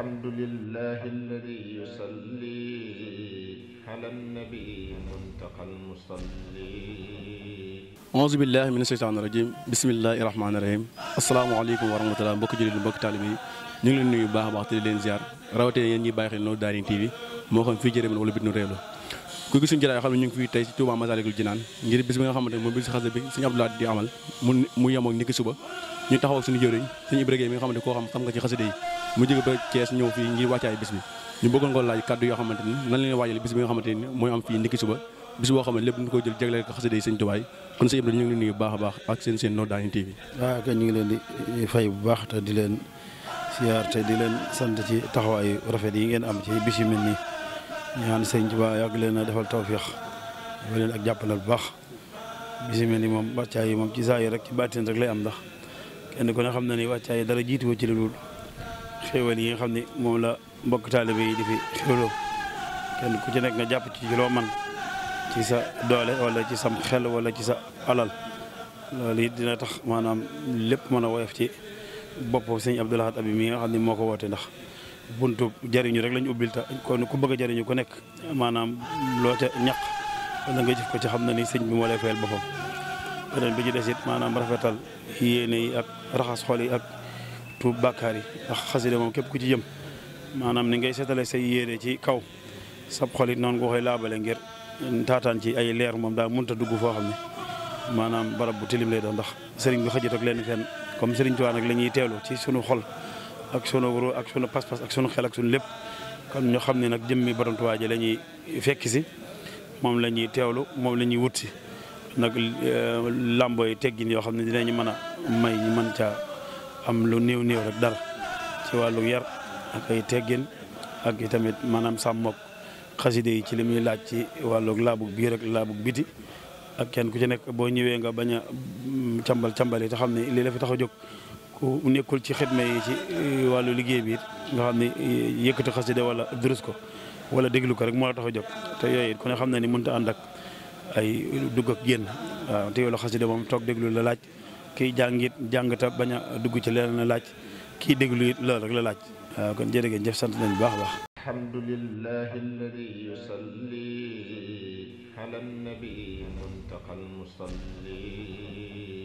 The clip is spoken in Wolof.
الحمد لله الذي يصلي على النبي منتقى المصلي أعوذ بالله من الشيطان الرجيم بسم الله الرحمن الرحيم السلام عليكم ورحمة الله mbokk jullit mbokk taalibe yi ñu ngi leen nuyu baax a baax te di leen ziar rawatina yéen ñi bàyyi xel Nour Darayni TV moo xam fii jërëmin wala bitnu réew la ku gis suñu jëlaay yoo xam ne ñu ngi fii tey ci Touba Massalikul Jinaan ngir bis bi nga xamante ne moom bis xase bi suñu Abdoulaye di amal mu mu yemoog niki suba ñu taxaw suñu jëriñ suñu Ibrahima mi nga xamante koo xam xam nga ci xasida yi mu jóge ba Thiès ñëw fii ngir wàccaay bis bi ñu bëggoon ko laaj kàddu yoo xamante ni nan leen waajal bis bi nga xamante ni mooy am fii ndiki suba bis boo xam ne lépp ñu ko leen nuyu a baax ak ngi leen di fay bu baax te di leen siyaar te di leen sant ci taxawaayu rafet yi ngeen am ci bis yu mel nii ñaan sëñ Tuubaa yàgg leen a defal tawféex ba leen ak jàppalal bu baax bis yu mel nii moom wàccaay yi moom ci saa yi rek ci baatin rek lay am ndax kenn ku ne xam na ni wàccaay yi dara jiitu ci lu dul xéewal yi nga xam ne moom la mbokk taalibe yi di fi xéewloo kenn ku ci nekk nga jàpp ci loo man ci sa doole wala ci sam xel wala ci sa alal loolu it dina tax maanaam lépp mën a woyof ci bopp sëñ Abdou Lahad Abi mi nga xam ne moo ko woote ndax buntu jariñu rek lañ ubbil ta kon ku bëgg a jariñu ku nekk maanaam loo ca ñaq wala ko ci xam na ni sëñ bi moo lay fayal boppam beneen bi ci des maanaam rafetal yéene yi ak raxas xol yi ak tuub bàkkaar yi ndax xasida moom képp ku ci jëm maanaam ni ngay seetale say yéere ci kaw sab xolit noonu nga koy laabale ngir taataan ci ay leer moom daa mënut a dugg foo xam ne maanaam barab bu tilim lay doon ndax sëriñ bi xajut ak lenn fenn comme sëriñ Tuubaa nag la ñuy teewlu ci sunu xol ak sunu ru ak sunu pas-pas ak sunu xel ak sunu lépp kon ñoo xam ne nag jëmmi borom Tuubaa ji la ñuy fekki si moom la ñuy teewlu moom la ñuy wut si nag eh, làmbooy teggin yoo xam ne dinañu mën a may ñu mën caa am lu néew néew rek dara ci wàllu yar ak ay teggin ak i tamit maanaam sàmmook xaside yi ci li laaj ci wàllu laabug biir ak laabug biti ak kenn ku ci nekk boo ñëwee nga bañ a mm, càmbal càmbal yi te xam ne lii la fi tax a jóg ku nekkul ci xidma yi ci eh, wàllu liggéey bi nga xam ne eh, yëkkati xaside wala durus ko wala déglu ko rek moo la jóg te yooyu it ku xam na ni mënut a ànd ay dugg génn waaw te yow la xaside moom toog déglu la laaj ki jangit jang ta baña dugg ci leen laaj ki deglu it lool rek la laaj kon jeerige jeuf sant nañ bu baax baax alhamdulillahi alladhi yusalli ala an-nabi muntaqal musalli